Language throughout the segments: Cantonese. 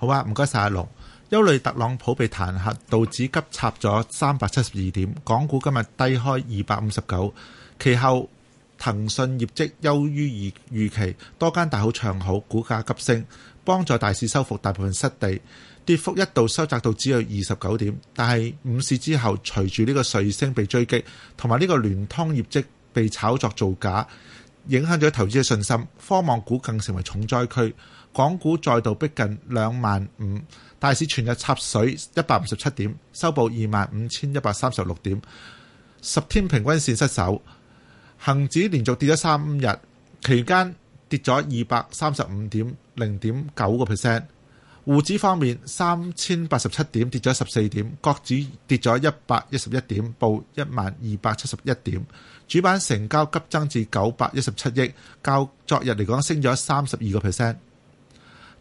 好啊，唔該晒阿龍。憂慮特朗普被彈劾，道指急插咗三百七十二點。港股今日低開二百五十九，其後騰訊業績優於預預期，多間大好唱好，股價急升，幫助大市收復大部分失地。跌幅一度收窄到只有二十九點，但係午市之後，隨住呢個瑞星被追擊，同埋呢個聯通業績被炒作造假，影響咗投資嘅信心。科網股更成為重災區。港股再度逼近兩萬五，大市全日插水一百五十七點，收報二萬五千一百三十六點，十天平均線失守。恒指連續跌咗三日，期間跌咗二百三十五點零點九個 percent。滬指方面三千八十七點跌咗十四點，國指跌咗一百一十一點，報一萬二百七十一點。主板成交急增至九百一十七億，較昨日嚟講升咗三十二個 percent。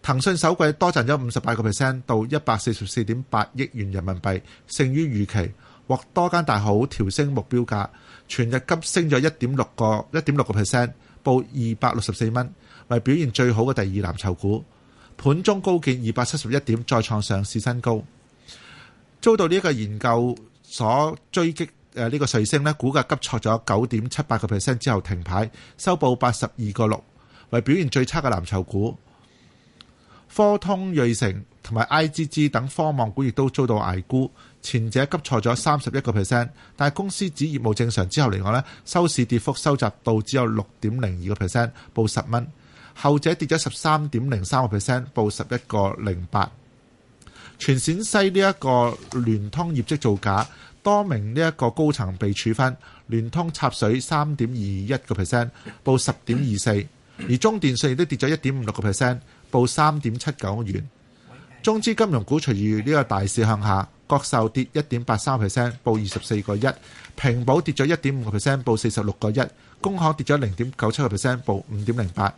騰訊首季多賺咗五十八個 percent，到一百四十四點八億元人民幣，勝於預期，獲多間大好調升目標價。全日急升咗一點六個一點六個 percent，報二百六十四蚊，為表現最好嘅第二藍籌股。盤中高見二百七十一點，再創上市新高。遭到呢個研究所追擊，誒呢個瑞星呢，股價急挫咗九點七八個 percent 之後停牌，收報八十二個六，為表現最差嘅藍籌股。科通、瑞成同埋 IGG 等科網股亦都遭到挨沽。前者急挫咗三十一個 percent，但係公司指業務正常之後嚟講咧，收市跌幅收窄到只有六點零二個 percent，報十蚊。後者跌咗十三點零三個 percent，報十一個零八。全陝西呢一個聯通業績造假，多名呢一個高層被處分，聯通插水三點二一個 percent，報十點二四。而中電信亦都跌咗一點五六個 percent。報三點七九元，中資金融股隨住呢個大市向下，國壽跌一點八三 percent，報二十四個一；平保跌咗一點五個 percent，報四十六個一；工行跌咗零點九七個 percent，報五點零八。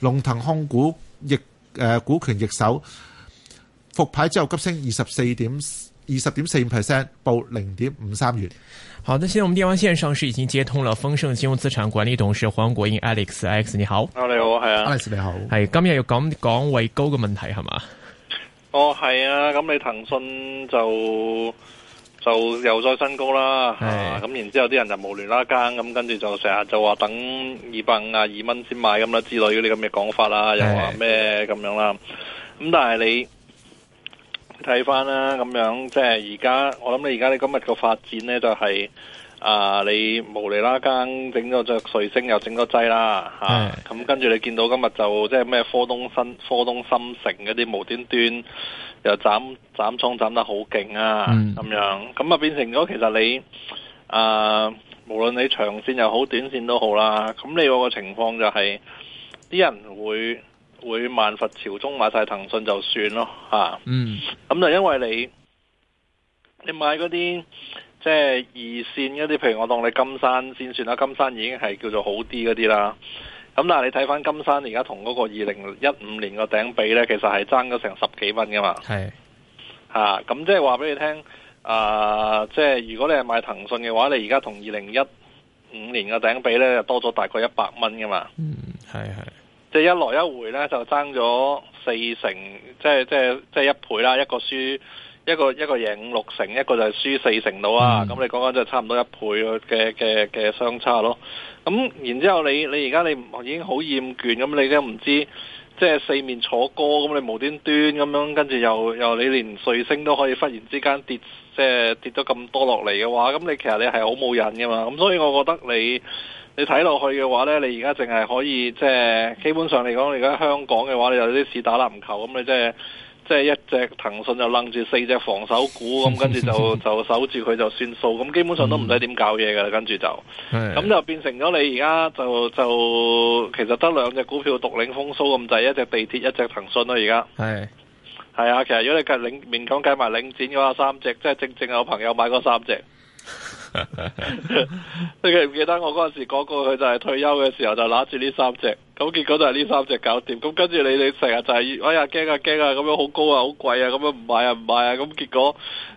龍騰控股，易誒股權易手，復牌之後急升二十四點。二十點四五 percent，報零點五三元。好的，現在我們電話線上是已經接通了。豐盛金融資產管理董事黃國英 Alex，Alex Alex, 你好。啊、哦，你好，係啊。Alex 你好，係今日要講講畏高嘅問題係嘛？哦，係啊，咁你騰訊就就又再新高啦。係咁、啊，然之後啲人就無亂啦更，咁跟住就成日就話等二百五啊、二蚊先買咁啦之類嘅呢咁嘅講法啊，是又話咩咁樣啦。咁但係你。睇翻啦，咁樣即係而家，我諗你而家你今日個發展呢，就係、是呃、啊，是你無厘啦間整咗隻瑞星又整咗劑啦吓，咁跟住你見到今日就即係咩科東新科東新城嗰啲無端端又斬斬倉斬得好勁啊，咁是樣咁啊變成咗其實你啊、呃、無論你長線又好短線都好啦，咁你個情況就係、是、啲人會。會萬佛朝宗買晒騰訊就算咯，吓、啊，嗯，咁就因為你你買嗰啲即係二線嗰啲，譬如我當你金山先算啦，金山已經係叫做好啲嗰啲啦。咁但係你睇翻金山，而家同嗰個二零一五年個頂比呢，其實係爭咗成十幾蚊噶嘛，係是，吓，咁即係話俾你聽，啊，即係、呃、如果你係買騰訊嘅話，你而家同二零一五年個頂比呢，又多咗大概一百蚊噶嘛，嗯，係係。即係一來一回咧，就爭咗四成，即係即係即係一倍啦。一個輸一個一個贏五六成，一個就係輸四成到啊。咁你講緊就差唔多一倍嘅嘅嘅相差咯。咁然之後，你你而家你已經好厭倦，咁你都唔知，即係四面楚歌，咁你無端端咁樣，跟住又又你連瑞星都可以忽然之間跌。即係跌咗咁多落嚟嘅話，咁、嗯、你其實你係好冇癮噶嘛。咁、嗯、所以我覺得你你睇落去嘅話呢，你而家淨係可以即係基本上嚟講，你而家香港嘅話，你有啲似打籃球咁，你、嗯、即係即係一隻騰訊就楞住四隻防守股咁，跟住就就守住佢就算數，咁基本上都唔使點搞嘢噶，嗯、跟住就咁的就變成咗你而家就就其實得兩隻兩隻股票獨領風騷咁，就係一隻地鐵，一隻騰訊咯，而家係。係啊，其實如果你計領勉強計埋領展嘅話，三隻即係正正有朋友買過三隻。你記唔記得我嗰陣時講過，佢就係退休嘅時候就攞住呢三隻，咁結果就係呢三隻搞掂。咁跟住你你成日就係哎呀驚啊驚啊，咁樣好高啊，好貴啊，咁樣唔買啊唔買啊，咁結果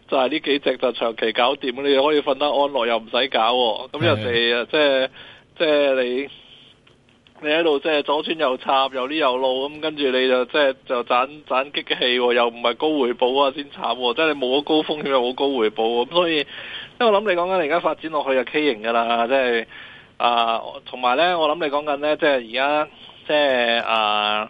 就係呢幾隻就長期搞掂。你又可以瞓得安樂又唔使搞。咁人哋啊，即係即係你。你喺度即係左穿右插，右呢右路。咁、嗯，跟住你就即係就盞、是、盞激氣，哦，又唔係高回報啊，先慘、哦，即係冇咗高風險又冇高回報、啊，咁所以，因為我諗你講緊而家發展落去就畸形噶啦，即係啊，同埋咧，我諗你講緊咧，即係而家即係啊。呃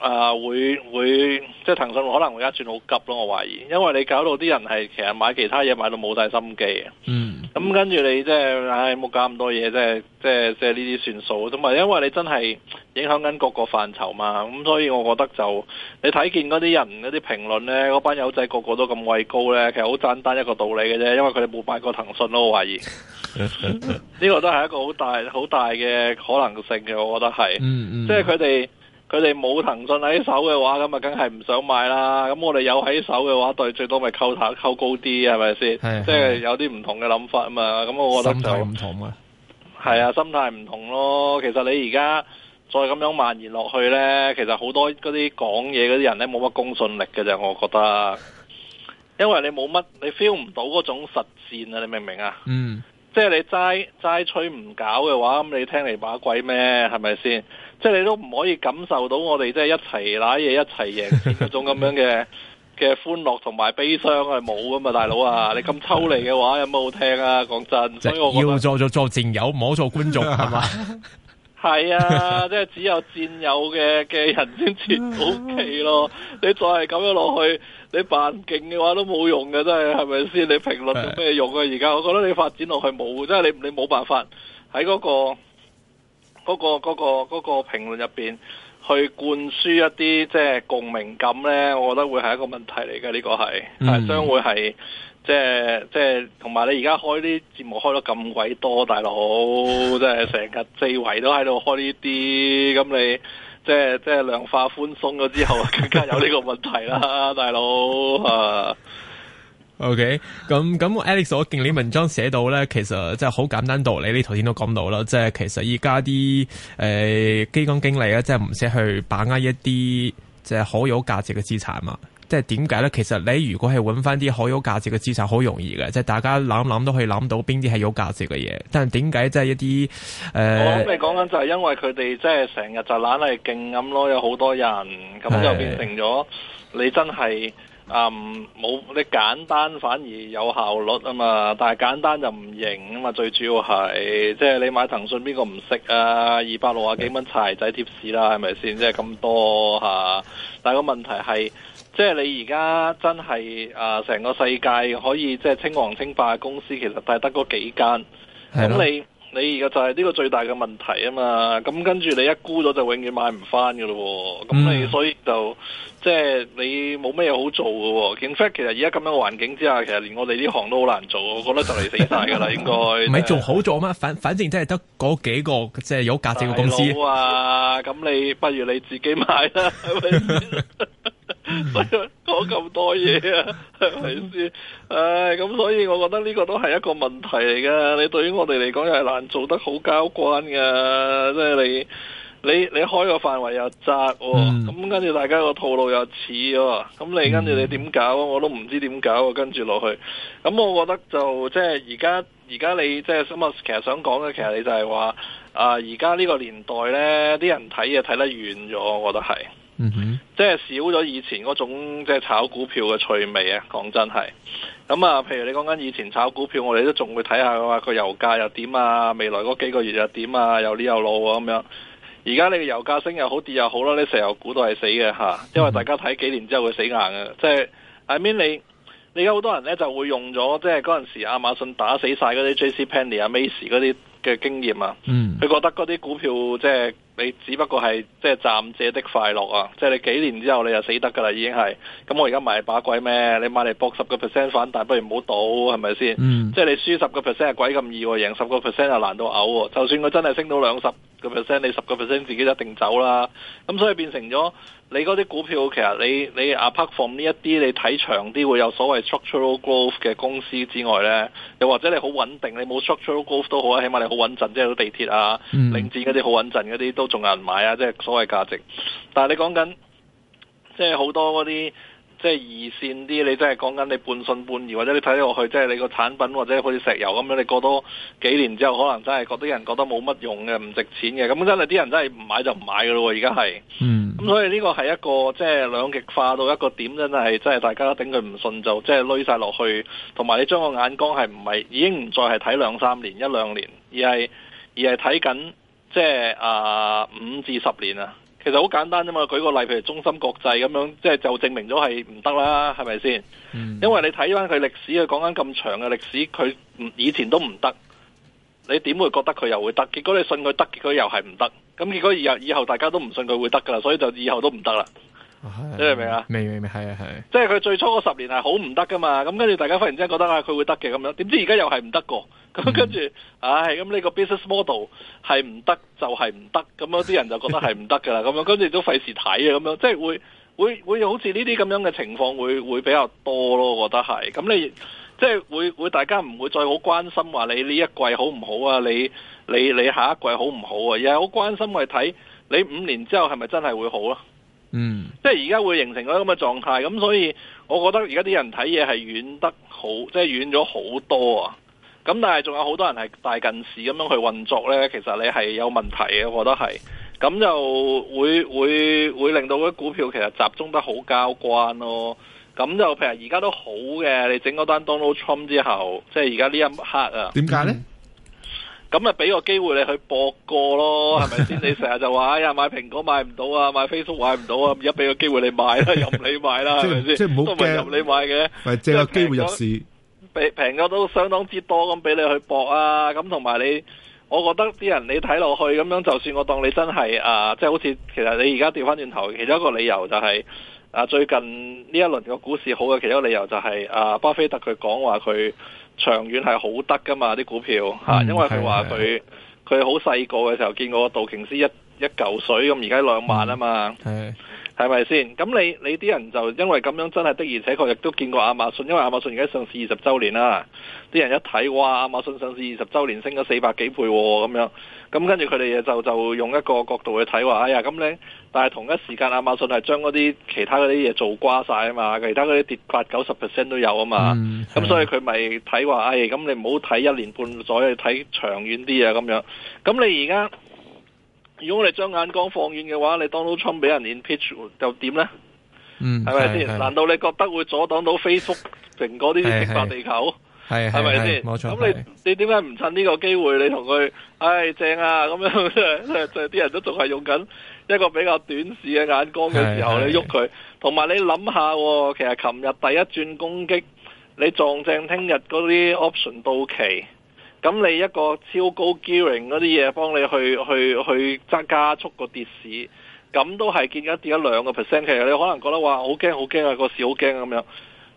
誒、uh,，會會即係騰訊，可能會一轉好急咯。我懷疑，因為你搞到啲人係其實買其他嘢，買到冇晒心機。嗯、hmm. mm。咁跟住你即係，唉，冇、哎、搞咁多嘢，即係，即係，即係呢啲算數同埋因為你真係影響緊各個範疇嘛。咁所以我覺得就你睇見嗰啲人嗰啲評論咧，嗰班友仔個個都咁畏高咧，其實好簡單一個道理嘅啫、mm hmm.。因為佢哋冇買過騰訊咯，我懷疑。呢個都係一個好大好大嘅可能性嘅，我覺得係。即係佢哋。佢哋冇騰訊喺手嘅話，咁啊，梗係唔想買啦。咁我哋有喺手嘅話，對最多咪扣頭扣高啲，係咪先？即係 有啲唔同嘅諗法啊嘛。咁我覺得就心態唔同啊。係啊，心態唔同咯。其實你而家再咁樣蔓延落去呢，其實好多嗰啲講嘢嗰啲人呢，冇乜公信力嘅啫。我覺得， 因為你冇乜，你 feel 唔到嗰種實戰啊。你明唔明啊？嗯。即係你齋齋吹唔搞嘅話，咁你聽嚟把鬼咩？係咪先？即係你都唔可以感受到我哋即係一齊攞嘢一齊贏錢嗰種咁樣嘅嘅 歡樂同埋悲傷係冇噶嘛，大佬啊！你咁抽離嘅話有冇好聽啊？講真，所以我要做，做做做戰友，唔好做觀眾係嘛。 係 啊，即係只有戰友嘅嘅人先至 OK 咯。 你再係咁樣落去，你扮勁嘅話都冇用嘅，真係係咪先？你評論有咩用啊？而家我覺得你發展落去冇，即係你你冇辦法喺嗰個嗰個嗰個嗰個評論入邊去灌輸一啲即係共鳴感咧，我覺得是會係一個問題嚟嘅。呢個係，但係 將樂會係。即係即係，同埋你而家開啲節目開得咁鬼多，大佬，即係成日四圍都喺度開呢啲，咁你即係即係量化寬鬆咗之後，更加有呢個問題啦， 大佬。啊，OK，咁咁 Alex，我見你文章寫到咧，其實即係好簡單道理，你頭先都講到啦，即係其實而家啲誒基金經理咧，即係唔使去把握一啲即係好有價值嘅資產嘛。即係點解咧？其實你如果係揾翻啲好有價值嘅資產，好容易嘅。即係大家諗諗都可以諗到邊啲係有價值嘅嘢。但係點解即係一啲誒，呃、我諗你講緊就係因為佢哋即係成日就懶係勁咁咯，有好多人咁就變成咗你真係嗯，冇你簡單反而有效率啊嘛。但係簡單就唔型啊嘛。最主要係即係你買騰訊邊個唔識啊？二百六啊幾蚊柴仔貼士啦，係咪先？即係咁多嚇，啊。但係個問題係。即係你而家真係啊，成、呃、個世界可以即係稱王稱霸嘅公司，其實係得嗰幾間。咁的你你而家就係呢個最大嘅問題啊嘛。咁跟住你一沽咗就永遠買唔翻噶咯。咁你所以就、嗯、即係你冇咩好做噶。In fact，其實而家咁樣嘅環境之下，其實連我哋呢行都好難做。我覺得就嚟死晒噶啦，應該 的。唔係仲好做咩？反反正都係得嗰幾個即係有價值嘅公司。好啊，咁你不如你自己買啦。 所以講咁多嘢啊，係咪先？唉、 哎，咁所以我覺得呢個都係一個問題嚟噶。你對於我哋嚟講又係難做得好交關嘅，即、就、係、是、你你你開個範圍又窄、啊，咁、嗯、跟住大家個套路又似、啊，咁你、嗯、跟住你點搞、啊？我都唔知點搞、啊，跟住落去。咁、嗯、我覺得就即係而家而家你即係其實想講嘅其實你就係話啊，而家呢個年代呢，啲人睇嘢睇得遠咗，我覺得係。Mm hmm. 即係少咗以前嗰種即係炒股票嘅趣味啊！講真係，咁啊，譬如你講緊以前炒股票，我哋都仲會睇下話、啊、個油價又點啊，未來嗰幾個月又點啊，又呢又老啊咁樣。而家你個油價升又好，跌又好啦，你成油股都係死嘅吓，因為大家睇幾年之後會死硬嘅。Mm hmm. 即係 I mean, 你你而家好多人咧就會用咗即係嗰陣時亞馬遜打死晒嗰啲 JC Penney 啊、Macy 嗰啲嘅經驗啊，佢、mm hmm. 覺得嗰啲股票即係。你只不過係即係暫借的快樂啊！即係你幾年之後你就死得㗎啦，已經係。咁我而家買把鬼咩？你買嚟博十個 percent 反彈，不如唔好賭，係咪先？嗯、即係你輸十個 percent 係鬼咁易、啊，贏十個 percent 又難到嘔、啊。就算佢真係升到兩十個 percent，你十個 percent 自己一定走啦。咁所以變成咗，你嗰啲股票其實你你 apart from 呢一啲，你睇長啲會有所謂 structural growth 嘅公司之外咧，又或者你好穩定，你冇 structural growth 都好，起碼你好穩陣，即係地鐵啊、領展嗰啲好穩陣嗰啲都仲有人買啊，即係所謂價值。但係你講緊即係好多嗰啲。即係二線啲，你真係講緊你半信半疑，或者你睇落去，即係你個產品或者好似石油咁樣，你過多幾年之後，可能真係嗰啲人覺得冇乜用嘅，唔值錢嘅，咁真係啲人真係唔買就唔買噶咯喎，而家係。嗯。咁、嗯、所以呢個係一個即係兩極化到一個點真，真係真係大家都頂佢唔順，就即係濾曬落去，同埋你將個眼光係唔係已經唔再係睇兩三年、一兩年，而係而係睇緊即係啊五至十年啊。其實好簡單啫嘛，舉個例，譬如中心國際咁樣，即係就證明咗係唔得啦，係咪先？嗯，因為你睇翻佢歷史，佢講緊咁長嘅歷史，佢以前都唔得，你點會覺得佢又會得？結果你信佢得，結果又係唔得，咁結果以後以後大家都唔信佢會得噶啦，所以就以後都唔得啦。你明唔明啊？明明明係啊係，即係佢最初嗰十年係好唔得噶嘛，咁跟住大家忽然之間覺得啊佢會得嘅咁樣，點知而家又係唔得個，咁跟住，唉、哎，咁呢個 business model 係唔得就係唔得，咁樣啲人就覺得係唔得噶啦，咁 樣跟住都費事睇啊，咁樣即係會會會好似呢啲咁樣嘅情況會會比較多咯，我覺得係，咁你即係會會大家唔會再好關心話你呢一季好唔好啊？你你你下一季好唔好啊？而係好關心去睇你五年之後係咪真係會好咯、啊？嗯，即係而家會形成咗啲咁嘅狀態，咁所以我覺得而家啲人睇嘢，係遠得好，即係遠咗好多啊！咁但係仲有好多人係大近視咁樣去運作呢，其實你係有問題嘅，我覺得係，咁就會會會令到啲股票其實集中得好交關咯。咁就譬如而家都好嘅，你整嗰單 Donald Trump 之後，即係而家呢一刻啊，點解呢？嗯咁咪俾個機會你去博過咯，係咪先？你成日就話哎呀，買蘋果買唔到啊，買 Facebook 買唔到啊，而家俾個機會你買啦，任你買啦，係咪先？即係唔好驚，任你買嘅。咪借個機會入市，平平都相當之多咁，俾你去博啊。咁同埋你，我覺得啲人你睇落去咁樣，就算我當你真係誒，即、啊、係、就是、好似其實你而家掉翻轉頭，其中一個理由就係、是、誒、啊，最近呢一輪個股市好嘅其中一個理由就係、是、誒、啊，巴菲特佢講話佢。長遠係好得噶嘛啲股票吓？嗯、因為佢話：“佢佢好細個嘅時候見過道瓊斯一一嚿水咁，而家兩萬啊嘛。”係、嗯。係咪先？咁你你啲人就因為咁樣真係的而且確亦都見過亞馬遜，因為亞馬遜而家上市二十週年啦，啲人一睇哇，亞馬遜上市二十週年升咗四百幾倍咁、哦、樣，咁跟住佢哋就就用一個角度去睇話，哎呀咁你。」但係同一時間亞馬遜係將嗰啲其他嗰啲嘢做瓜晒啊嘛，其他嗰啲跌八九十 percent 都有啊嘛，咁、嗯嗯、所以佢咪睇話，哎，咁你唔好睇一年半載，要睇長遠啲啊咁樣。咁你而家？如果你將眼光放遠嘅話，你 Donald Trump 俾人 impeach 又點呢？嗯，係咪先？是是難道你覺得會阻擋到 Facebook、蘋果啲淨化地球？係咪先？咁是你是是你點解唔趁呢個機會，你同佢，唉、哎，正啊！咁樣，即係啲人都仲係用緊一個比較短視嘅眼光嘅時候，你喐佢。同埋是是 你諗下，其實琴日第一轉攻擊，你撞正聽日嗰啲 option 到期。咁你一個超高 gearing 嗰啲嘢幫你去去去增加速個跌市，咁都係見一跌咗兩個 percent。其實你可能覺得話好驚好驚啊，個市好驚咁樣。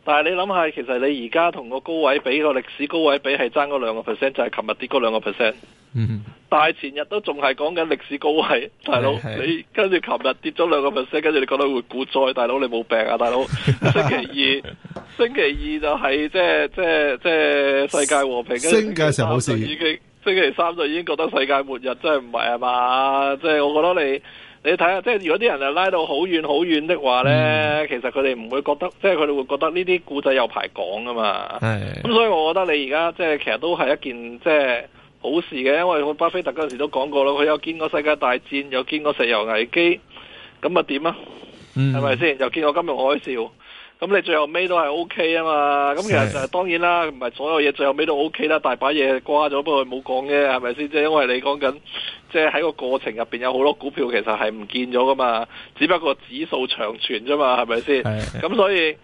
但係你諗下，其實你而家同個高位比，個歷史高位比係爭嗰兩個 percent，就係琴日跌嗰兩個 percent。嗯。大前日都仲係講緊歷史高位，大佬你跟住琴日跌咗兩個 percent，跟住你覺得會股災？大佬你冇病啊？大佬星期二，星期二就係即係即係即係世界和平。星期三星期三就已經覺得世界末日真，真係唔係啊嘛？即係我覺得你，你睇下，即係如果啲人係拉到好遠好遠的話呢，其實佢哋唔會覺得，即係佢哋會覺得呢啲故仔有排講㗎嘛？咁所以我覺得你而家即係其實都係一件即係。好事嘅，因為佢巴菲特嗰陣時都講過啦，佢有見過世界大戰，又見過石油危機，咁咪點啊？係咪先？又見過金融海嘯，咁你最後尾都係 O K 啊嘛？咁其實就係的當然啦，唔係所有嘢，最後尾都 O K 啦，大把嘢瓜咗不過冇講嘅，係咪先？即係因為你講緊，即係喺個過程入邊有好多股票其實係唔見咗噶嘛，只不過指數長存啫嘛，係咪先？咁的所以。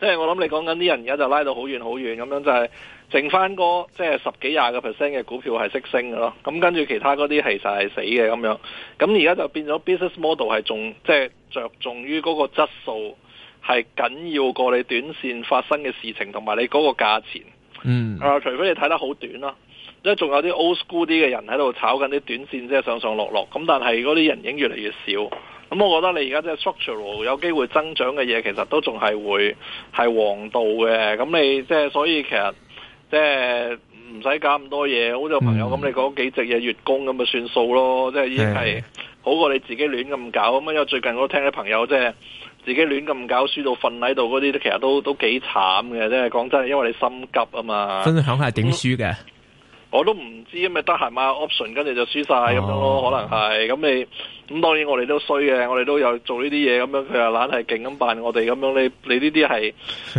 即係我諗你講緊啲人而家就拉到好遠好遠咁樣，就係剩翻個即係十幾廿個 percent 嘅股票係識升嘅咯。咁跟住其他嗰啲其實係死嘅咁樣。咁而家就變咗 business model 係重即係着重於嗰個質素係緊要過你短線發生嘅事情同埋你嗰個價錢。嗯啊、呃，除非你睇得好短咯，即係仲有啲 old school 啲嘅人喺度炒緊啲短線，即係上上落落。咁但係嗰啲人已經越嚟越少。咁我覺得你而家即係 structural 有機會增長嘅嘢，其實都仲係會係黃道嘅。咁你即係所以其實即係唔使搞咁多嘢。好似朋友咁，你講幾隻嘢月供咁咪算數咯。即係已經係好過你自己亂咁搞。咁啊，因為最近我都聽啲朋友即係自己亂咁搞，輸到瞓喺度嗰啲，都其實都都幾慘嘅。即係講真，因為你心急啊嘛。分享下點輸嘅。嗯。我都唔知，因咪得閒嘛 option，跟住就輸晒咁樣咯，啊、可能係咁你咁當然我哋都衰嘅，我哋都有做呢啲嘢，咁樣佢又懶係勁咁扮我哋咁樣，你你呢啲係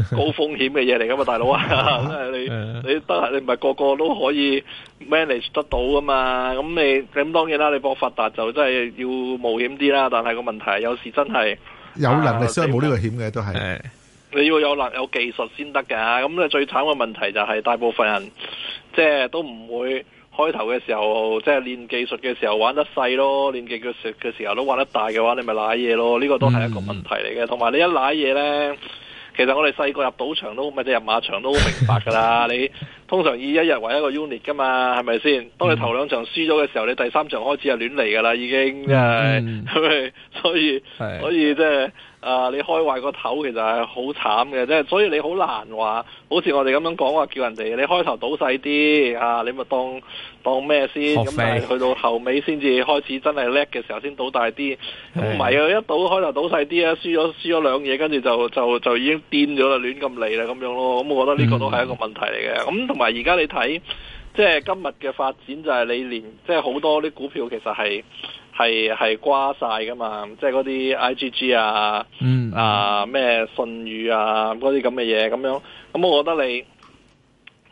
高風險嘅嘢嚟噶嘛，大佬啊， 你你得閒你唔係個個都可以 manage 得到噶嘛，咁你咁當然啦，你搏發達就真係要冒險啲啦，但係個問題有時真係有能力先係冇呢個險嘅，都係、啊。你要有能有技術先得噶，咁你最慘嘅問題就係大部分人即係、就是、都唔會開頭嘅時候，即係練技術嘅時候玩得細咯，練技術嘅時候都玩得大嘅話，你咪瀨嘢咯。呢、這個都係一個問題嚟嘅，同埋、嗯嗯、你一瀨嘢呢，其實我哋細個入賭場都，咪即係入馬場都好明白噶啦。 你通常以一日為一個 unit 噶嘛，係咪先？當你頭兩場輸咗嘅時候，你第三場開始係亂嚟噶啦，已經真係、嗯，所以的所以即係。誒、啊，你開壞個頭其實係好慘嘅即啫，所以你好難話，好似我哋咁樣講話叫人哋，你開頭賭細啲，吓、啊、你咪當當咩先，咁咪去到後尾先至開始真係叻嘅時候先賭大啲，唔係啊，一賭開頭賭細啲啊，輸咗輸咗兩嘢，跟住就就就就已經癲咗啦，亂咁嚟啦咁樣咯，咁我覺得呢個都係一個問題嚟嘅，咁同埋而家你睇，即係今日嘅發展就係你連即係好多啲股票其實係。係係瓜晒噶嘛，即係嗰啲 I G G 啊，嗯啊咩信譽啊，嗰啲咁嘅嘢咁樣，咁我覺得你，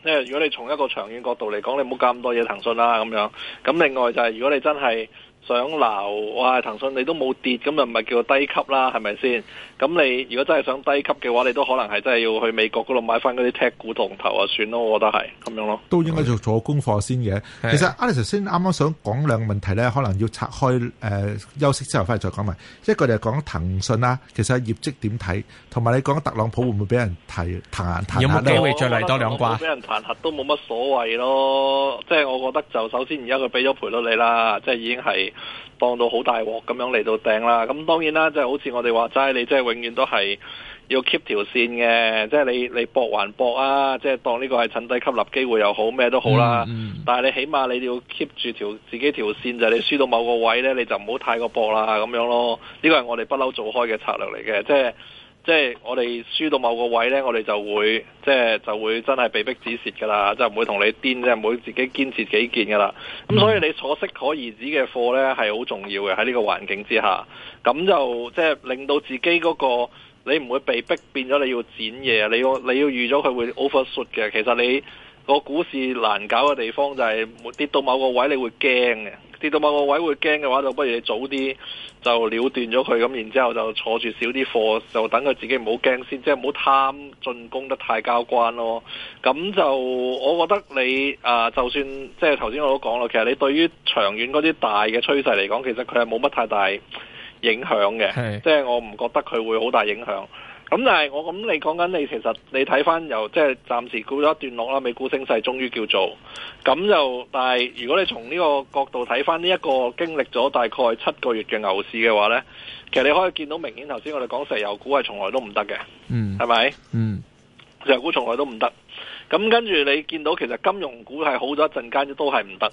即係如果你從一個長遠角度嚟講，你唔好加咁多嘢騰訊啦咁樣，咁另外就係如果你真係。想留哇！騰訊你都冇跌咁，又唔係叫低級啦，係咪先？咁你如果真係想低級嘅話，你都可能係真係要去美國嗰度買翻嗰啲踢股同投啊，算咯，我覺得係咁樣咯。都應該做做功課先嘅。的其實 a 你 e 先啱啱想講,講兩個問題咧，可能要拆開誒、呃、休息之後翻嚟再講埋。即係佢哋講騰訊啦，其實業績點睇，同埋你講特朗普會唔會俾人提彈劾？彈彈彈有冇機會再嚟多兩掛？俾人彈劾都冇乜所謂咯。即係我覺得就首先而家佢俾咗賠率你啦，即係已經係。當到好大鑊咁樣嚟到掟啦，咁當然啦，即係好似我哋話齋，你即係永遠都係要 keep 條線嘅，即係你你搏還搏啊，即係當呢個係趁低吸納機會又好咩都好啦，嗯嗯但係你起碼你要 keep 住條自己條線就係你輸到某個位呢，你就唔好太過搏啦咁樣咯，呢個係我哋不嬲做開嘅策略嚟嘅，即係。即係我哋輸到某個位呢，我哋就會即係就會真係被逼止蝕噶啦，就唔會同你癲，即係唔會自己堅持自己見噶啦。咁所以你坐適可而止嘅貨呢，係好重要嘅喺呢個環境之下。咁就即係令到自己嗰、那個你唔會被逼變咗你要剪嘢，你要你要預咗佢會 over shoot 嘅。其實你、那個股市難搞嘅地方就係、是、跌到某個位你會驚嘅。跌到某個位會驚嘅話，就不如你早啲就了斷咗佢，咁然之後就坐住少啲貨，就等佢自己唔好驚先，即係唔好貪進攻得太交關咯。咁就我覺得你啊、呃，就算即係頭先我都講咯，其實你對於長遠嗰啲大嘅趨勢嚟講，其實佢係冇乜太大影響嘅，是即係我唔覺得佢會好大影響。咁但係我咁你講緊你其實你睇翻由即係暫時告咗一段落啦，美股升勢終於叫做咁就，但係如果你從呢個角度睇翻呢一個經歷咗大概七個月嘅牛市嘅話呢，其實你可以見到明顯頭先我哋講石油股係從來都唔得嘅，嗯，係咪？嗯， 石油股從來都唔得。咁跟住你見到其實金融股係好咗一陣間，都係唔得。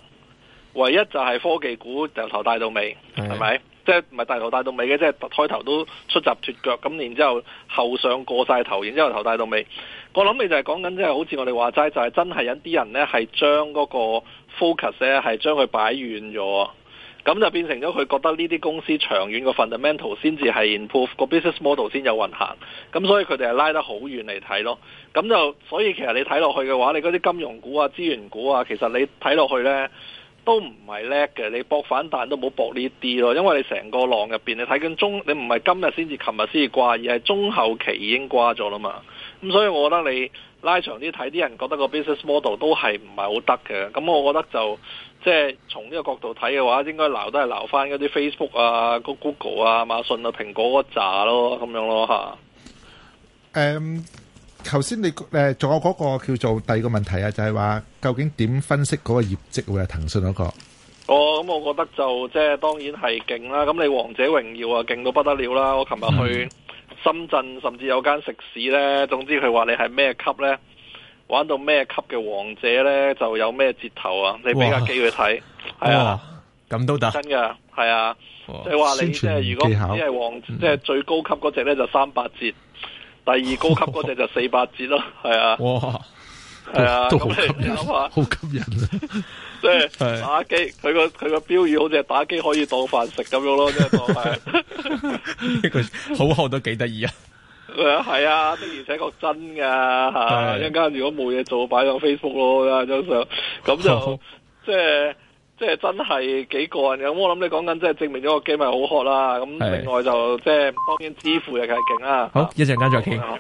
唯一就係科技股由頭帶到尾，係咪？即係唔係大頭大到尾嘅，即係開頭都出閘脫腳，咁然之後後上過晒頭，然之後頭大到尾。我諗你就係講緊即係好似我哋話齋，就係、是就是、真係有啲人呢係將嗰個 focus 咧係將佢擺遠咗，咁就變成咗佢覺得呢啲公司長遠個 fundamental 先至係 improve 個 business model 先有運行，咁所以佢哋係拉得好遠嚟睇咯。咁就所以其實你睇落去嘅話，你嗰啲金融股啊、資源股啊，其實你睇落去呢。都唔係叻嘅，你搏反彈都冇搏呢啲咯，因為你成個浪入邊，你睇緊中，你唔係今日先至，琴日先至掛，而係中後期已經掛咗啦嘛。咁、嗯、所以我覺得你拉長啲睇，啲人覺得個 business model 都係唔係好得嘅。咁、嗯、我覺得就即係從呢個角度睇嘅話，應該留都係留翻嗰啲 Facebook 啊、Google 啊、馬順啊、蘋果嗰扎咯，咁樣咯吓！Um 頭先你誒仲有嗰個叫做第二個問題啊，就係、是、話究竟點分析嗰個業績會係騰訊嗰個？哦，咁、嗯、我覺得就即係、就是、當然係勁啦。咁你王者榮耀啊勁到不得了啦。我琴日去深圳，甚至有間食肆咧，總之佢話你係咩級咧，玩到咩級嘅王者咧就有咩折頭啊。你俾個機佢睇，係哇啊，咁都得真㗎，係啊。即哇你話你即係如果只係王，即係、嗯、最高級嗰隻咧，就三八折。第二高級嗰隻就四百折咯，係啊，哇，係啊，都好吸引啊，即係打機，佢個佢個標語好似係打機可以當飯食咁樣咯，即係當飯，佢好學都幾得意啊，係啊，係啊，而且確真噶，吓，一陣間如果冇嘢做，擺上 Facebook 咯，一張相，咁就即係。即係真係幾個人咁，我諗你講緊，即係證明咗個機咪好渴啦。咁、嗯、是另外就即係當然支付又係勁啦。好，一陣間再傾。